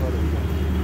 Valeu.